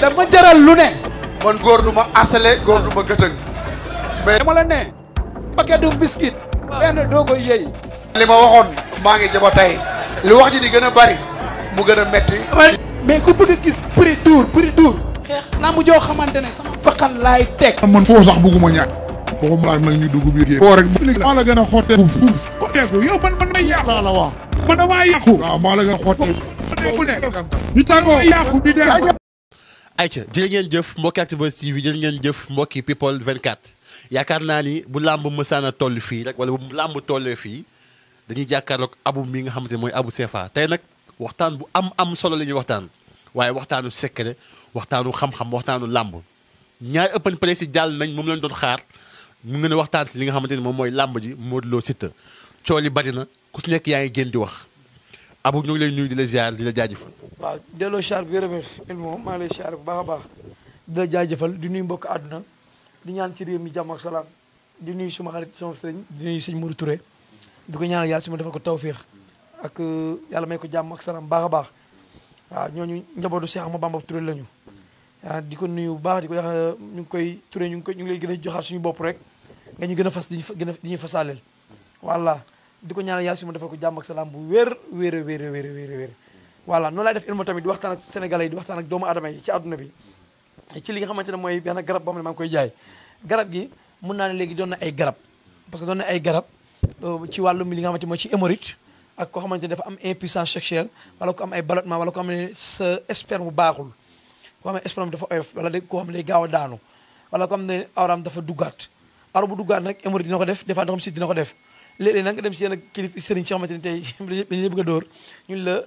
lii dama jaral lu ne. man góor du ma asale góor du ma gëtëng. mais dama la ne. paquet du biscuit. benn doo koy yëy. li ma waxoon maa ngi jaba tey. li wax ji di gën a bari mu gën a metti mais ku bëgg a gis prix dur prix dur. xeex naa mu joo xamante ne sama bakkan laay teg. man foo sax bëgguma ñàkk. waxuma laaj a ñu dugg biir kii. koo rek maa la gën a xottee. fuuf xotteeku yow man man may yàqu. la wax man damaa yàqu. waaw maa la gën a xottee. ñu tàngoo yàqu di dem. ayca jërë ngeen jëf mbokki Actubuzz TV jërë ngeen jëf mbokki people 24 yaakaar naa ni bu làmb mësaana toll fii rek wala bu làmb tollee fii dañuy jàkkaarook abu mi nga xamante ne mooy abu CFA tey nag waxtaan bu am am solo la ñuy waxtaan waaye waxtaanu secret waxtaanu xam-xam waxtaanu làmb ñaari open press yi jàll nañ moom lañ doon xaar mu ngeen waxtaan si li nga xamante ne moom mooy làmb ji Modou Lo Siteu coow li bari na ku su nekk yaa ngi génn di wax Abou ñu ngi lay nuyu di la ziar di la jaajëfal. waaw delloo char bi yërëme il moom maa ngi lay char bu baax a baax di la jaajëfal di nuyu mbokk àdduna di ñaan ci réew mi jàmm ak salaam di nuyu suma xarit sama sëriñ di nuyu sëñ Modou Touré di ko su ma dafa ko tawféex ak euh, yàlla may ko jàmm ak salaam baax a baax waaw ñooñu njabootu Cheikh Ahmadou Bamba Touré lañu waaw di ko nuyu bu baax di euh, ñu ngi koy Touré ñu ngi koy ñu ngi lay gën a joxaat suñu bopp rek nga ñu gën a fas di ñu gën a di ñu fasaaleel voilà di ko ñaanal yàlla su ma ko jàmm ak salaam bu wér wér a wér a wér a wér voilà noonu laay def ilmu tamit di waxtaan ak sénégalais yi di waxtaan ak doomu adama yi ci àdduna bi ci li nga xamante ne mooy benn garab boo xam ne maa ngi koy garab gi mun naa ne léegi doon na ay garab parce que doon na ay garab euh, ci wàllum li nga xamante mooy ci hémorroïde ak koo xamante ne dafa am impuissance sexuelle wala ko am ay ballottement wala ko xam ne sa sperme baaxul koo xam dafa wala koo xam ne day gaaw a wala ko xam ne awraam dafa duggaat awra bu duggaat nag hémorroïde dina ko def des fois si dina ko def léeg-léeg na nga dem si yenn kilifa sëriñ si xamante ni tey dañuy bëgg a dóor ñun euh,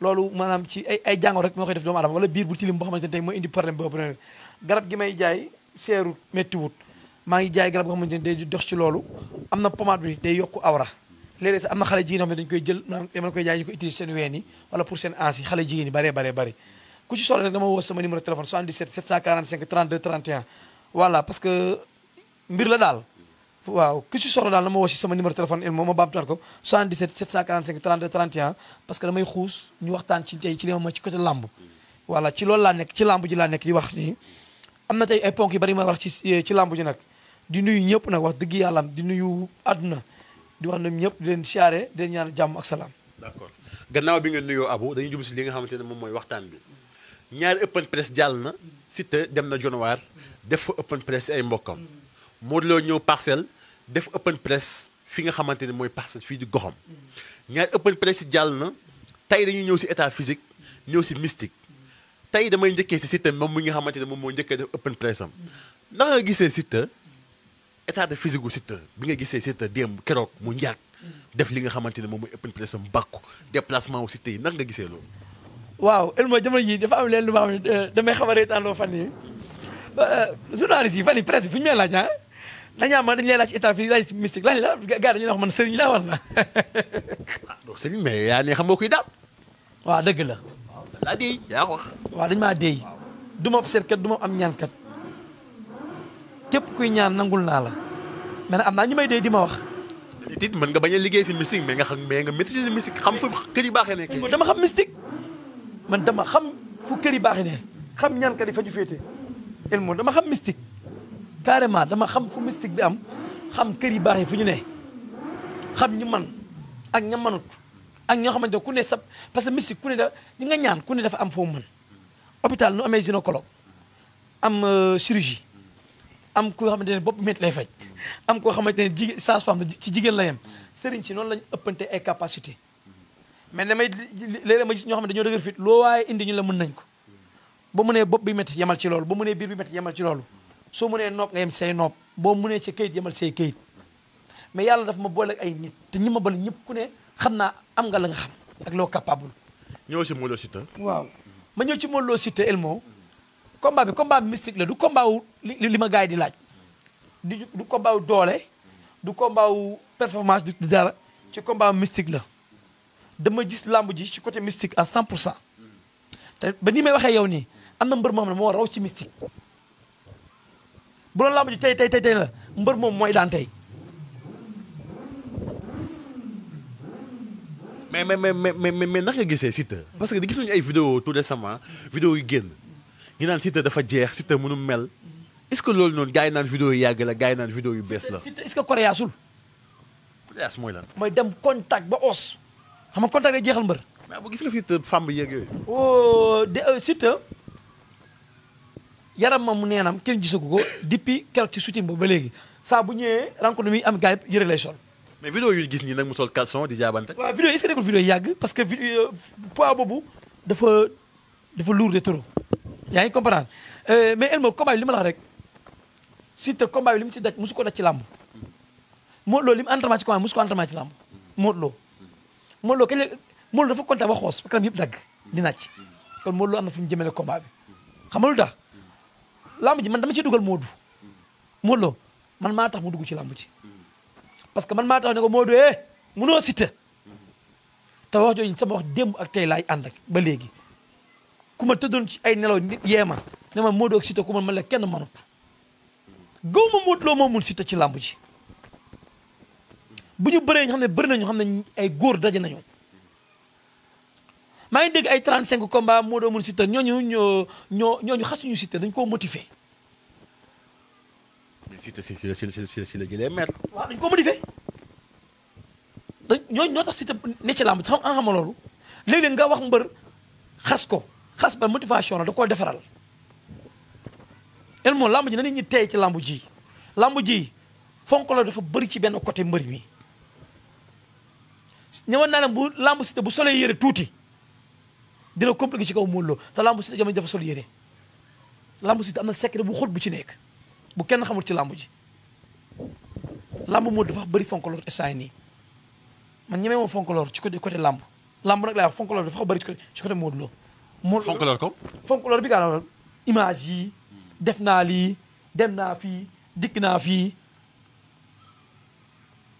la rab maanaam ci ay ay jàngoro rek moo koy def wala ni na pomade bi day yokku awra xam ne dañu koy jël ma koy jaay ñu ko utiliser seen ween yi wala pour seen ansi xale jigéen yi baree baree bari ku ci soxla nag dama woo sama numéro téléphone 77 745 32 31 voilà parce que mbir la daal waaw ku ci soxla daal na ma wax si sama numéro téléphone moom ma baamtuwaat ko 77 745 32 31 parce que damay xuus ñu waxtaan ci tey ci li ma ci côté làmb voilà ci loolu laa nekk ci làmb ji laa nekk di wax nii am na tey ay ponk yu bari ma wax ci ci làmb ji nag di nuyu ñëpp nag wax dëgg yàlla di nuyu àdduna di wax ne ñëpp di leen siyaare di leen ñaan jàmm ak salaam. d'accord gannaaw bi nga nuyoo Abou dañuy jublu si li nga xamante ne moom mooy waxtaan bi ñaari open press jàll na Siteu dem na Dionewar def fa open press ay mbokkam. moo Modou Lo ñëw parcelle def open press fi nga xamante ne mooy parcelle fii di goxam ñaari open press si jàll na tey dañuy ñëw si état physique ñëw si mystique tey damay njëkkee si Siteu moom mi nga xamante ne moom moo njëkkee def open press am naka nga gisee Siteu état de physique gu Siteu bi nga gisee Siteu démb keroog mu njaag def li nga xamante ne moom mooy open press am bàkku déplacement wu Siteu yi naka nga gisee loolu. waaw Elma jamono jii dafa am leen lu ma xam ne euh, damay xaw a reetaanloo fan yii euh, journaliste yi fan yii presse fu ñu may laaj ah? dañu am dañu lay laaj état fii laaj mystique laaj la sëriñ xam nga kuy daam. waaw dëgg la. waaw laa déy yaa wax. waaw dañu maa déy du ma seetkat du ma am ñaankat képp kuy ñaan nangul naa la mais na am naa ñu may déy di ma wax. it mën nga bañ a liggéey fi mystique mais nga xam mais nga maîtriser mystique xam fu kër yi baaxee nekk. dama xam mystique man dama xam fu kër yi baaxee ne xam ñaankat yi fa ñu féete dama xam mystique. carrément dama xam fu mystique bi am xam kër yi baax yi fu ñu ne xam ñu man ak ña manut ak ñoo xamante ku ne sa parce que mystique ku ne da ñi nga ñaan ku ne dafa am foo mën hôpital nu amee gynécologue am euh, chirurgie am koo xamante ne bopp métti lay faj am koo xamante ne jigéen sage-femme ci jigéen la yem sëriñ ci noonu lañ ëppante ay capacité mais damay léeg-léeg ma gis ñoo xam ne dañoo dëgër fit loo waaye indi ñu la mën nañ ko ba mu nee bopp bi métti ci loolu ci loolu soo mënee nopp nga yem say nopp boo munee ci kayit yemal say kayit mais yàlla daf ma boole ay nit te ñi ma boole ñëpp ku ne xam naa am nga la nga xam ak loo capable. ñëw si Modou Lo Siteu. waaw ma ñëw ci Modou Lo Siteu Elmo. combat bi combat bi mystique la du combat wu li ma gars yi di laaj. di du combat doole. du combat wu performance du dara. ci combat mystique la. dama gis làmb ji ci côté mystique à 100 pour cent. te ba ni may waxee yow nii am na mbër moom la moo raw ci mystique. bu doon làmb ji tey tey tey tey la mbër moom mooy daan tey. mais mais mais mais mais naka gisee Siteu parce que di gis nañu ay video tout récemment vidéo yu génn ñu naan Siteu dafa jeex Siteu mënu mel est-ce que loolu noonu gars yi naan vidéo yu yàgg la gars yi naan vidéo yu bees la. Siteu est-ce que coréasul. mooy lan. mooy dem contact ba os. xam nga contact day jeexal mbër. mais bu gis nga fem bi yeeg yooyu. oh de euh, Siteu yaram ma mu neenam kenn gisagu ko depuis keroog ci shooting boobu ba léegi saa bu ñëwee am gars yëpp yëre lay sol. mais vidéo yu gis ni nag mu sol caleçon di jaabante. waaw vidéo est ce que nekkul vidéo yàgg parce que euh, boobu dafa dafa lourd de yaa ngi comprendre euh, mais Elmo combat li ma la rek Siteu combat li mu ci daj mosu ko daj ci làmb. Modou Lo li mu entraînement ci combat mosu ko entraînement ci làmb Modou Lo. Modou Lo kañ la Modou Lo dafa kontaan ba xoos ba kanam dagg di naaj kon Modou am na fu ñu jëmale combat bi xam nga lu tax. lamb ji man dama ci dugal Modou Modou Lo man maa tax mu dugg ci lamb ji parce que man maa tax ne ko Modou eh munoo Siteu te wax jooju sama wax démb ak tey laay ànd ak ba léegi ku ma tëddoon ci ay nelaw nit yeema ne ma Modou ak Siteu ku ma man la kenn manut gaw ma Modou Lo moo mun Siteu ci lamb ji bu ñu bëree ñu xam ne bëri nañu xam ne ay góor daje nañu maa ngi dégg ay 35 combats moo doo mun Siteu ñooñu ñoo ñoo ñooñu xasuñu Siteu dañ koo motiver. mais Siteu si la si la si la jëlee maître. waaw dañ koo motiver dañ ñoo tax Siteu ne ci làmb xam nga xam loolu léeg-léeg nga wax mbër xas ko xas ba motivation la da koo defaral. el moom làmb ji na nit ñi tey ci làmb ji làmb ji fonk la dafa bëri ci benn côté mbër mi ñëwoon naa ne bu làmb Siteu bu solee yére tuuti. di la compliqué ci kaw Modou Lo te lambu a jamono dafa sol yére lambu Siteu am na secret bu xóot bu ci nekk bu kenn xamul ci lambu ji lambu Modou dafa bari fonkoloor essaay nii ma ñemee moom fonkoloor ci côté côté lambu lambu nag laa wax fonkoloor dafa bëri ci côté ci côté Modou Lo. Modou Lo fonkoloor bi nga xam image yi def naa lii dem naa fii dikk naa fii.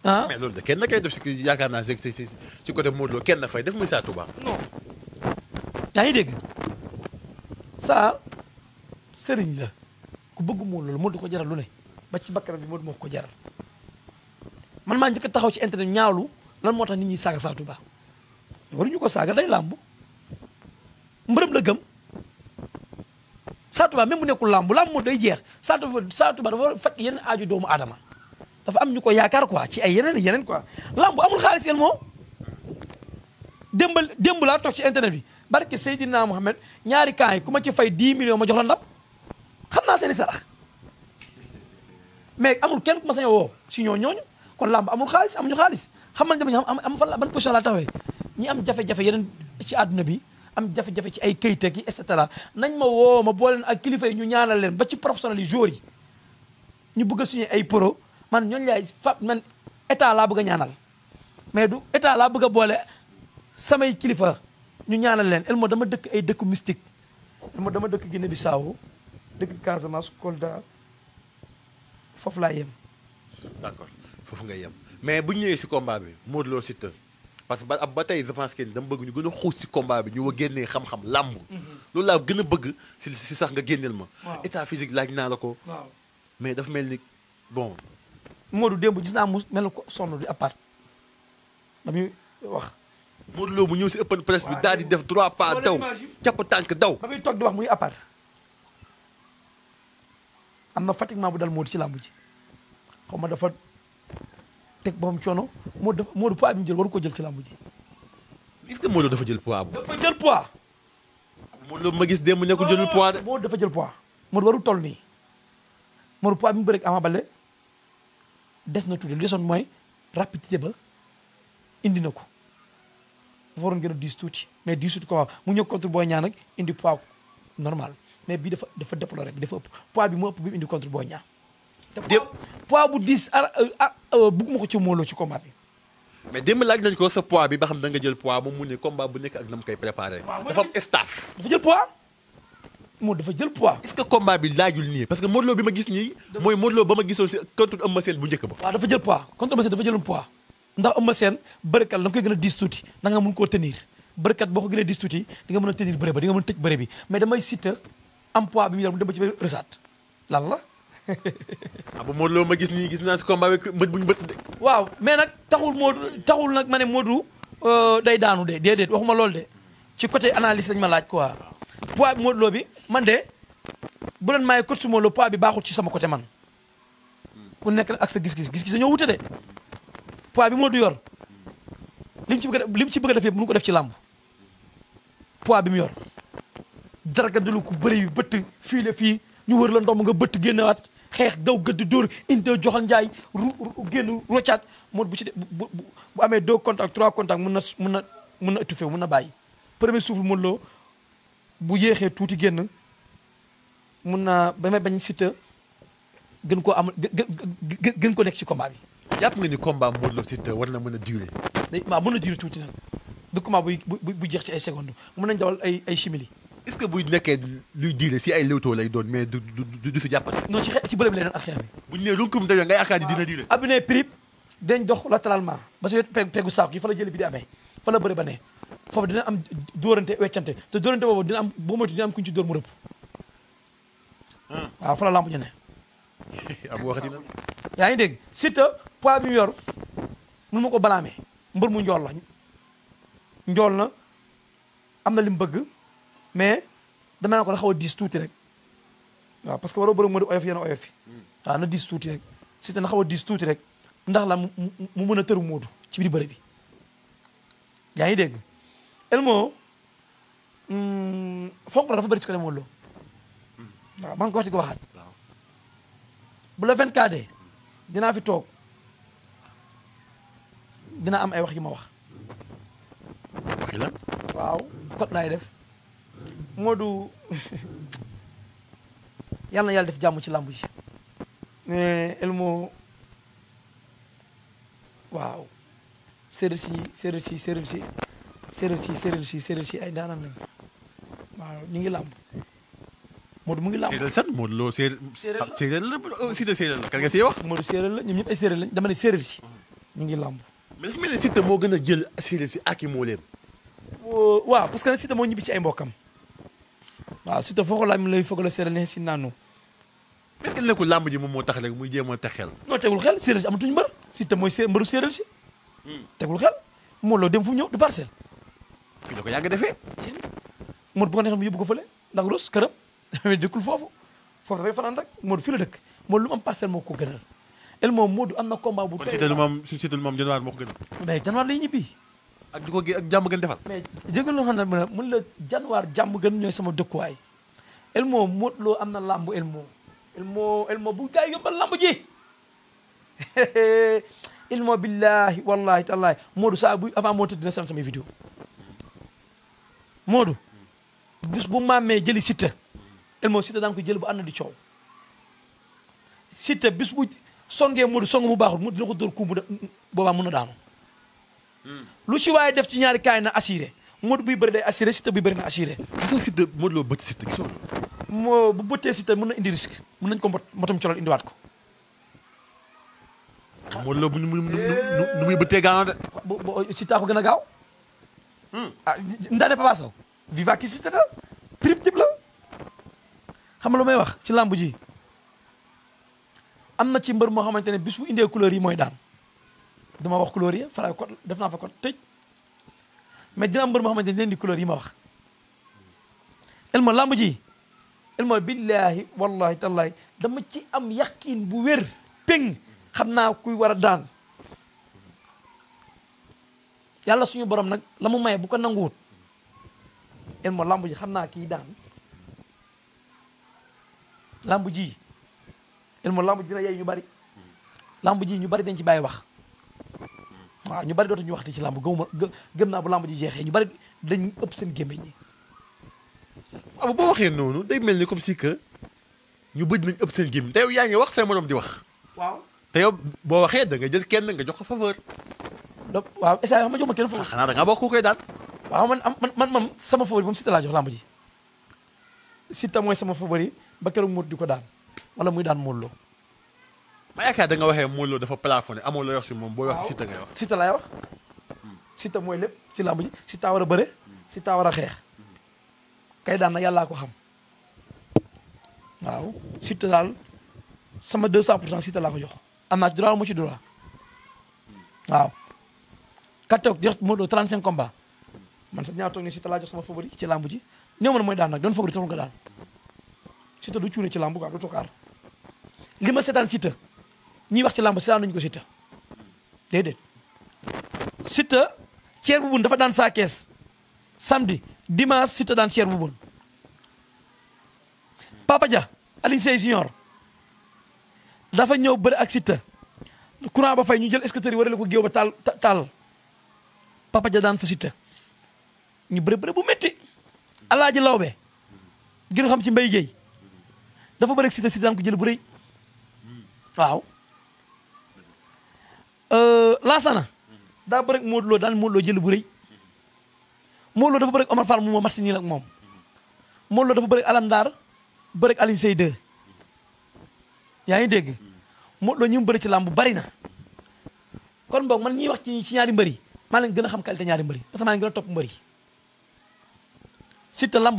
ah mais loolu kenn na koy def si yaakaar naa si si si côté Modou kenn na fay def muy saa Touba. yaa ngi dégg saa sëriñ la ku bëgg moo loolu moo du ko jaral lu ne ba ci bakkaram bi moo du ko jaral man maa njëkk taxaw ci internet ñaawlu lan moo tax nit ñi saaga saa Touba waruñu ko saaga day làmb mbërëm la gëm saa Touba même bu nekkul làmb làmb moo day jeex saa Touba saa Touba dafa faj yenn aaju doomu aadama dafa am ñu ko yaakaar quoi ci ay yeneen yeneen quoi làmb amul xaalis yéen moo démb démb laa toog ci internet bi barke Seydina Mohamed ñaari kaa yi ku ma ci fay 10 millions ma jox la ndam xam naa seen i sarax mais amul kenn ku ma sañ woo si ñoo ñooñu kon làmb amul xaalis amuñu xaalis xam nga dama am am fan la ban position laa ñi am jafe-jafe yeneen ci àdduna bi am jafe-jafe ci ay kayiteg yi et cetera nañ ma woo ma booleen ak kilifa yi ñu ñaanal leen ba ci professionnel yi joueurs yi ñu bëgg a ay pro man ñooñu laay fa man état laa bëgg a ñaanal mais du état laa bëgg a boole samay kilifa. ñu ñaanal leen Elmo dama dëkk ay dëkku mystique Elmo dama dëkk Guinée Bissau dëkk Casamance Kolda foofu laa yem. d'accord foofu nga yem mais bu ñu ñëwee si combat bi Modou Lo Siteu parce que ba ab ba tey je pense que dama bëgg ñu gën a xuus si komba bi ñu wa génnee xam-xam làmb. Mhm. loolu laa gën a bëgg si si sax nga génneel ma. état physique laaj naa la ko. mais dafa mel ni bon. Modou démb gis naa mu mel ko sonn di appart damuy wax. Modou Lo bu ñëw si open press bi daal di def trois pas daw jàpp tànk daw. ba muy toog di wax muy appart am na fatiguement bu dal Modou ci làmb ji xaw ma dafa teg ba mu coono Modou dafa Modou poids bi mu jël waru ko jël ci làmb ji. est-ce que Modou dafa jël poids bu. dafa jël poids. Modou Lo ma gis démb nekkul jëlul poids de. Modou dafa jël poids Modou waru toll nii Modou poids bi mu bëri ak Ama Baldé des na tuuti li desoon mooy rapidité ba indi na ko. dafa waroon gën a diis tuuti mais diisut ko mu ñëw contre Boy Niang nag indi poids normal mais bii dafa dafa déploré rek dafa ëpp poids bi mu ëpp bi indi contre euh, ci mooloo ci combat bi. mais démb laaj nañ ko sa poids bi ba xam da jël poids moom mu ne combat bu nekk ak na mu préparé. dafa am staff. dafa jël poids. moom dafa jël poids. est bi laajul nii parce que Modou bi ma gis nii. mooy Modou ba ma gisoon si contre Eumeu bu njëkk ba. waaw dafa jël poids contre ndax Eumeu Sène bërëkat la nga koy gën diis tuuti da nga mun koo tenir bërëkat boo ko gën a diis tuuti di nga mën a tenir bëre ba di nga mën a tëj bëre bi mais damay Siteu am poids bi mu yaram dem ba ci benn resaat lan la. ah bu ma gis nii gis naa si combat bi mbët bu ñu bët waaw mais nag taxul Modou taxul nag ma ne Modou euh, day daanu de déedéet waxuma loolu de ci côté analyse lañ ma laaj quoi poids bi Modou bi man de bu doon maay coach Modou bi baaxul ci sama côté man ku nekk nag ak sa gis-gis gis-gis dañoo wute de. poids bi mu la du ci bëgg a lim ci bëgg a def yëpp ko def ci làmb poids bi mu yor daraga du lu ko bëri yu bëtt fii la fii ñu wër la ndomb nga bëtt génnewaat xeex daw gëdd dóor indi joxal njaay ru génn moo bu ci bu amee doo contacts trois contacts mun na mun na mun na étouffé mun na bàyyi premier souffle Modou Lo bu yéexee tuuti génn mun na ba bañ Siteu gën koo am gën ko nekk ci combat bi jàpp nga ni combat Modou Lo Siteu war na mën a durer. na durer tuuti nag du combat buy buy buy jeex ci ay secondes mën nañ dawal ay ay simili. est buy nekkee luy diire si ay léwtoo lay doon mais du du du si jàppale. non ci xe ci bërëb lay doon ak xeex bi. bu ñu dina diire. ab ne prip dañ dox latéralement ba sa pegu pegu saako yi fa la jëlee bi di amee fa la bëre ba ne foofu dina am dóorante weccante te dóorante boobu dina am boo moytu dina am kuñ ci dóor mu rëpp. waaw fa la lamb ñu ne. am waxati na. poids bi yor mun ma ko balaamee mbër mu njool la njool na am na li mu bëgg mais dama ne ko na xaw a diis tuuti rek waaw parce que wa bëri ma di oyof yenn oyof yi waaw diis tuuti rek si te na xaw a diis tuuti rek ndax la mu mën a tëru moodu ci biir bëri bi yaa ngi dégg Elmo hmm, fonk la dafa bëri ci ko demoon man ko wax di waxaat bu la 24 dee dinaa fi toog dina am ay wax yu ma wax. waxi la. waaw kot laay def Modou yal na yàlla def jàmm ci làmb ji. Elmo waaw séeréer si séeréer si séeréer si séeréer si séeréer si séeréer si ay daanam lañ waaw ñu ngi làmb Modou mu ngi làmb san Modou loo séeréer séeréer la Siteu séeréer la wax Modou séeréer la ñoom ñëpp ay séeréer lañ dama ne séeréer si mm-hmm. ñu ngi làmb mais dafa mel moo gën a jël assuré si ak i moo leen. waaw parce que Siteu moo ñibbi ci ay mbokkam waaw Siteu foo ko laaj mu lay foog la séeréer ne si naanu. est-ce que nekkul làmb ji moom moo tax léegi muy jéem a teg xel. non tegul xel séeréer si amatuñu mbër Siteu mooy sé mbëru séeréer si. Hmm. tegul xel moo loo dem fu ñëw du parcelle. fii la ko yàgg defee. Mor bu ko neexee mu yóbbu ko fële ndax Rousse foofu foofu dafay fanaan rek Mor fii la dëkk Mor lu am parcelle moo ko gën gënal. Elmo Modou am na komba bu. doy waar kon si Siteu moo ko gën a. mais januwaar lay ñibbi. ak di ko ak jàmm gën defal. mais loo la januwaar jàmm gën ñooy sama dëkkuwaay. Elmo Modou Lo am na làmb Elmo. Elmo Elmo bu gaa yombal làmb ji. Elmo billahi wallahi tallahi Modou saa bu avant moo tëdd dina seen samay vidéo. Modou. bis bu maamee jëli Siteu. Elmo Siteu daan ko jël bu na di coow. Siteu bis bu. songee Modou song mu baaxul mu dina ko dóor kuubu boobaa mën na daanu. lu ci waaye def ci ñaari kaay na assuré Modou buy bëri day assuré Siteu buy bëri na assuré. gisoo Siteu Modou Lo bët Siteu gisoo. moo bu bëttee Siteu mën na indi risque mu nañ ko mbot motom colal indiwaat ko. Ah, Modou Lo bu nu mu nu nu muy bëttee gaaw de. bu bu Siteu ko gën a gaaw. Hmm. ah Ndane viva ki Siteu la primitif la xam nga lu may wax ci lamb ji. am na ci mbër moo xamante ne bis bu indee couleur yi mooy daan dama wax couleur yi faraay ko def naa fa ko tëj am mbër moo xamante ne dina indi couleur yi ma wax elmo lamb ji elmo billahi wallahi tallahi dama ci am yaqiin bu wér péng xam naa kuy war a daan yàlla suñu borom nag la mu maye bu ko nanguwut elmo lamb ji xam naa kii daan lamb ji ilmu lamb ji dina yey ñu bari lamb ji ñu bari dañ ci bàyyi wax waaw ñu bari dootu ñu waxti ci lamb gëmuma gëm naa bu lamb ji jeexee ñu bari dañ ëpp seen gémmiñ ah, boo waxee noonu day mel ni comme si ñu bëj nañ ëpp seen gémmiñ yaa ngi wax seen morom di wax waaw te yow boo waxee da nga jël kenn nga jox ko faveur donc waaw ma jox ma kenn faveur ah, xanaa da ngaa waaw man man man moom sama favori moom laa jox lamb ji Siteu mooy sama favori ba keroog mut di ko daan wala muy daan Modou Lo. ma yaakaar da nga waxee mooloo Lo dafa plafonné amoo la wax si moom booy wax si Siteu ngay wax. Siteu laay lépp ci làmb ji Siteu a bëre. Siteu a xeex. kay na yàllaa ko xam. waaw Siteu daal sama 200 pour cent Siteu laa ko jox. am naa ci droit mu waaw. kat toog jox Modou Lo 35 man sax ñaar toog ne Siteu laa jox sama favori ci làmb ji néew man mooy daan nag doon favori taxul nga daan Siteu du cuune ci làmb quoi du tokaar. li ma seetaan Siteu ñiy wax ci làmb seetaan nañu ko Siteu déedéet Siteu ceer bu bun dafa daan saa kees samedi dimanche daan ceer bu bun Papa Dia Alioune Seye dafa ñëw bëri ak Siteu courant fay ñu jël escouteur yi warale ko géew ba taal taal Papa Dia daan fa Siteu ñu bëri bëri bu métti Alaaji Lawbe gën xam ci mbay géey dafa bëri ak Siteu Siteu daan ko jël bu waaw euh, laasana daa bëri Modou Lo daan Modou Lo jël bu rëy Modou Lo dafa bëri Omar Fall mu ma match nii ak moom Modou Lo dafa bëri Alandar bëri Alioune Seye 2 yaa ngi dégg Modou Lo ñi mu bëri ci làmb bari na kon boog man ñuy wax ci ci ñaari mbëri maa leen gën a xam qualité ñaari mbëri parce que maa leen gën a topp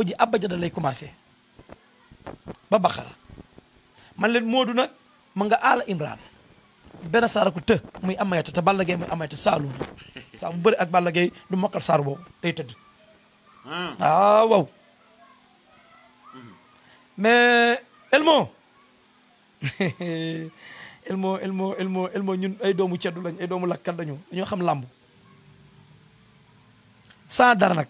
ji abajada lay commencé ba nag ma nga aala imran benn saara ku të muy amayata te Balla Gaye muy amayata saaluuna saa bu bëri ak Balla Gaye du mokkal saar boobu day tëdd waaw ah. ah, waaw mais elmo elmo elmo elmo elmo ñun ay doomu ceddu lañ ay doomu lakkat lañu dañoo xam làmb sans dara nag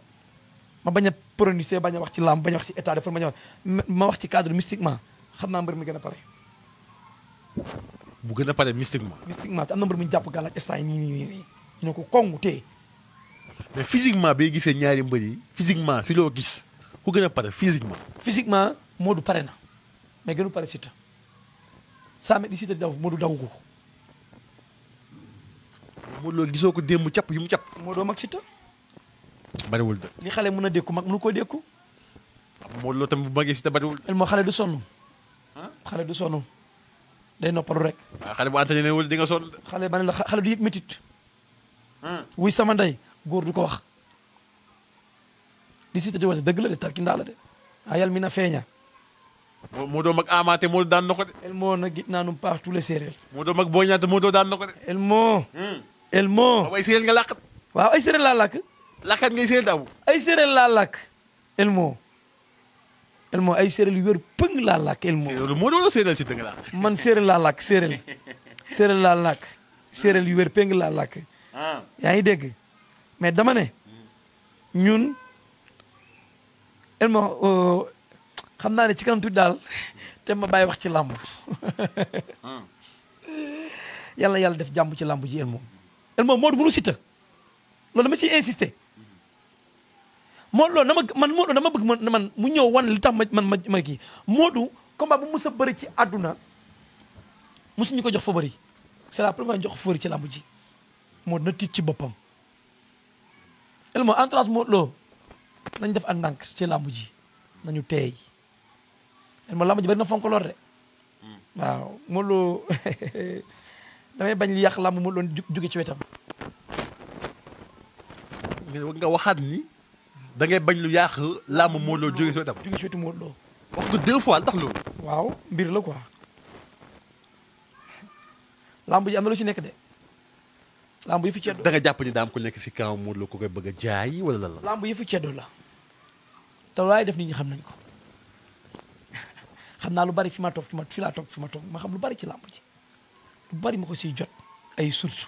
ma bañ a prononcé bañ a wax ci làmb bañ a wax ci état de ma ci cadre xam naa mbër mi gën a pare bu gën a pare mystiquement. mystiquement te am na mbir mu jàpp gàllaaj instant yi nii nii nii ko kongu tee. mais physiquement bay gisee ñaari mbër yi physiquement si loo gis ku gën a pare ma physiquement Modou pare na mais gënu pare Siteu saa mel ni Siteu daw Modou daw ko. Modou loolu gisoo ko démb capp yi mu capp. Modou mag Siteu. bariwul de. li xale mën a dékku mag mënu koo dékku. Modou loolu tamit bu magee Siteu bariwul. moo xale du sonn. xale du sonn. day noppalu rek. waaw ah, xale bu entraîné wul di nga sonn. xale ba ne la xale du yëg métit. Hmm. wuy sama ndey góor du ko wax. di si te de tarkindaa la de ah yàlla mi na feeña. moo moo doon mag amaate moo daan na ko de. el moo nag gis naa nu paax tous les séeréer. moo daan na de. el moo. el moo. waaw ay séeréer laa làkk. làkkat ngay séeréer daaw. ay séeréer laa làkk. el moo. elmo ay séeréer yu pëng laa làkk elmo. séeréer moo doon séeréer si man séeréer laa lakk séeréer séeréer laa làkk séeréer yu wér pëng laa làkk. Ah. yaa ngi dégg mais dama ne ñun elmo xam naa ne ci kanam tuuti daal te ma bàyyi wax ci làmb ah. yàlla yàlla def jàmm ci làmb ji elmo moo dugg lu loolu dama ciy insister. mooloo na ma man Modou dama bëgg man man mu ñëw wan li tax ma man ma ma kii Modou combat bu mus a bëri ci àdduna ñu ko jox fa bëri c'est la première jox fa bëri ci làmb ji Modou na ci boppam. el mo entourage Modou Lo nañ def àndànk ci làmb ji nañu teey el mo làmb ji bëri na fonk lool de waaw Modou Lo damay bañ li yàq làmb Modou Lo jóge ci wetam. nga waxaat ni. da ngay bañ lu yàq làmb Modou Lo jóge si wetam. jóge si wetu Modou Lo. wax ko deux fois waaw mbir la quoi làmb ji am na lu ci nekk de làmb yi fi ceddo. da jàpp ni daam ko nekk si kaw Modou Lo ko koy bëgg a jaay wala lan la. làmb yi fi ceddo la te laay def nit ñi xam nañ ko xam naa lu bari fi ma toog fi ma fi laa toog fi ma toog ma xam lu bari ci làmb ji lu bari ma ko siy jot ay sources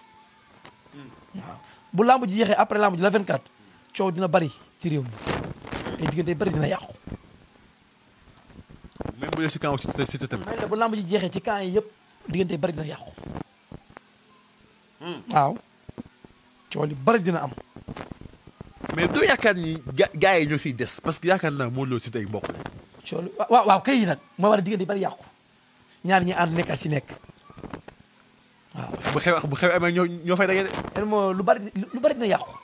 hmm. waaw bu làmb ji jeexee après làmb ji la 24. coow dina bari ci réew mi ay bari dina yàqu. même bu dee si camp Siteu Siteu tamit. mel na bu lamb ji jeexee ci kaan yi yëpp diggante bari dina yàqu. Hmm. waaw coow bari dina am. mais doo yaakaar ni ga gars yi ñoo si des parce que yaakaar na Modou Lo Siteu ay mbokk la. coow waaw kay yi nag moo war a diggante bari yàqu ñaar ñi ànd nekkat si nekk. waaw bu xew bu xew amee ñoo fay dajale. ren moo lu bari lu bari dina yàqu.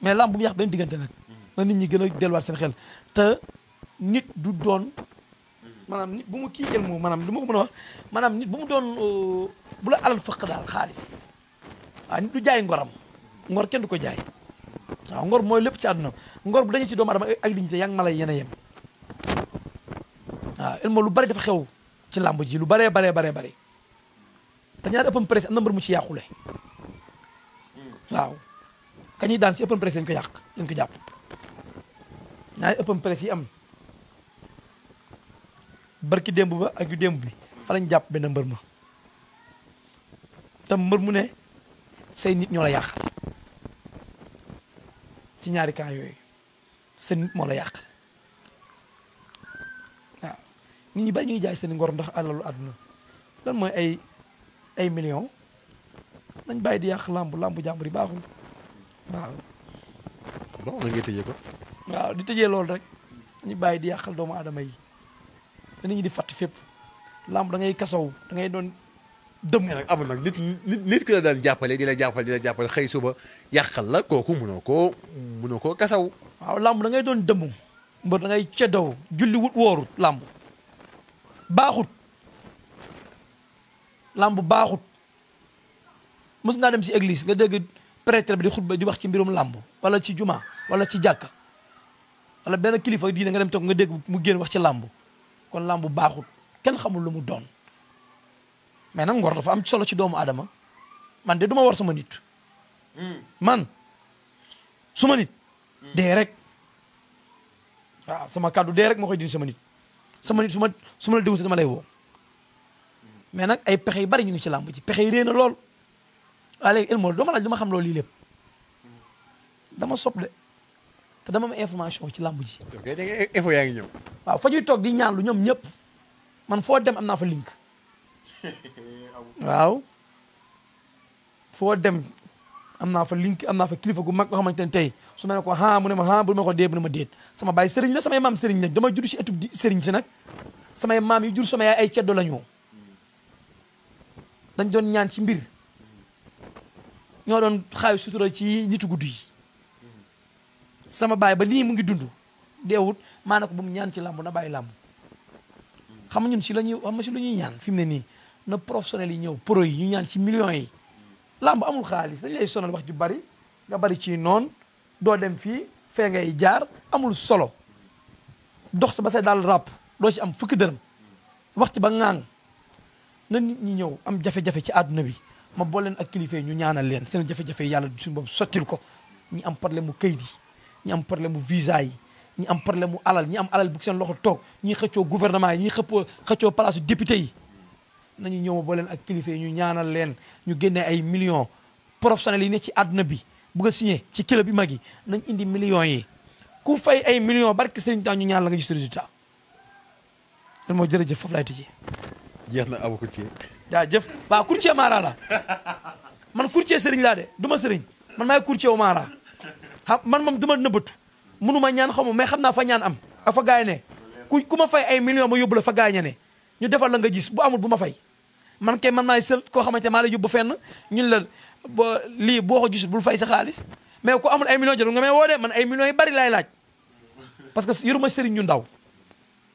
mais lamb bu mu yàq benn diggante nag mm-hmm. na nit ñi gën a delluwaat seen xel nit du doon mm-hmm. maanaam bu mu kii jël moom maanaam du ma ko mën a wax nit bu mu doon euh, bu la alal fëq daal xaalis waaw nit du jaay ngoram mm-hmm. ngor kenn du ko jaay waaw ngor mooy lépp ci àdduna ngor bu dañu ci doomu adama ak dignité yaa ngi mala yéen a yem waaw lu bari dafa xew ci làmb ji lu baree bare baree bare te ñaari ëppam presse am na mbër mu ci yàqule ñi daan si open press lañ ko yàq lañ ko jàpp ñaari open press yi am barki démb ba ak démb bi fa lañ jàpp benn mbër ma te mbër mu ne say nit ñoo la yàqal ci ñaari cas yooyu sa nit moo la yàq waaw nit ñi bari ñuy jaay seen ngoro ndax alalu àdduna lan mooy ay ay millions nañ bàyyi di yàq làmb làmb jàmbur yi baaxul waaw. bon lan ngay tëjee loolu rek ñu bàyyi di yàqal doomu aadama yi dañuy di fatt fépp làmb da ngay kasaw da ngay doon dëmm. mais nag amul nag nit nit nit ku la daan jàppale di la jàppale di la jàppale xëy suba yàqal la kooku mënoo koo koo kasaw. waaw làmb dangay doon dëmm mbër dangay ngay ceddaw julli wut wóorut làmb baaxut làmb baaxut mos ngaa dem si église nga dégg. prêtre bi di xutba di wax ci mbirum làmb wala ci juma wala ci jàkka wala benn kilifa diine nga dem toog nga dégg mu génn wax ci làmb kon làmb baaxul kenn xamul lu mu doon mais nag ngor dafa am solo ci doomu adama man de duma wor war sama nit hmm. man suma nit hmm. dee rek waaw ah, sama kàddu dee rek moo koy dindi sama nit sama nit su ma su ma la si dama lay woo hmm. mais nag ay pexe yu bari ñu ngi ci làmb ci pexe yi réer na lool waaye ah, léegi Elmo doo ma laaj dama xam loolu lii lépp dama sob de te dama am information ci làmb ji. waaw fa ñuy toog di ñaan lu ñoom ñëpp man foo dem am naa link. waaw foo dem am naa fa link am naa fa kilifa gu mag boo xamante ne tey su ma ko ah mu ne ma ah bu ko dee bu ne ma déet sama baay sëriñ la samay maam seriñ lañ dama jur si étude sëriñ si nag samay maam yu jur sama yaay ay ceddo la ñu dañ doon ñaan ci mbir. ñoo doon xaawi sutura ci nitu guddi yi sama baay ba nii mu ngi dundu deewut maa ne ko bu mu ñaan ci làmb na bàyyi làmb xam nga ñun si la ñuy lu ñuy ñaan fi mu ne nii na professionnel yi ñëw pro yi ñu ñaan ci million yi làmb amul xaalis dañ lay sonal wax ju bari nga bari ci noon doo dem fii fee ngay jaar amul solo dox ba say daal ràpp doo ci am fukki dërëm wax ci ba ŋaang na ñi ñëw am jafe-jafe ci àdduna bi ma boole leen ak kilifa ñu ñaanal leen seen jafe-jafe yàlla suñu bopp sottil ko ñi am problème mu kayit yi ñi am problème mu visa yi ñi am problème mu alal ñi am alal bu seen loxo toog ñi xëccoo gouvernement yi ñi xëppoo xëccoo palaasu député yi nañu ñëw ma boole leen ak kilifa ñu ñaanal leen ñu génnee ay millions professionnels yi ne ci àdduna bi bëgg a ci kilo bi mag yi nañ indi millions yi ku fay ay millions barke sëriñ taa ñu ñaan la nga gis résultat lan moo jërëjëf foofu laay tijjee jeex na abu courtier. jaajëf waaw courtier Mara la man courtier Serigne laa de du ma Serigne man maay courtier wu Mara xam man moom du ma nëbbatu munu ma ñaan xamu mais xam naa fa ñaan am a fa gaay ne ku ku ma fay ay millions ma yóbbu la fa gaay ña ne ñu defal la nga gis bu amul bu ma fay man kay man maay sël koo xamante maa la yóbbu fenn ñu la lii boo ko gisul bul fay sa xaalis mais ko amul ay millions jarul nga woo de man ay millions yu bari laay laaj parce que ma Serigne ñu ndaw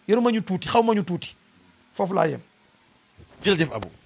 yoruma ñu tuuti xaw ma ñu tuuti foofu laa yem. jërëjëf Abou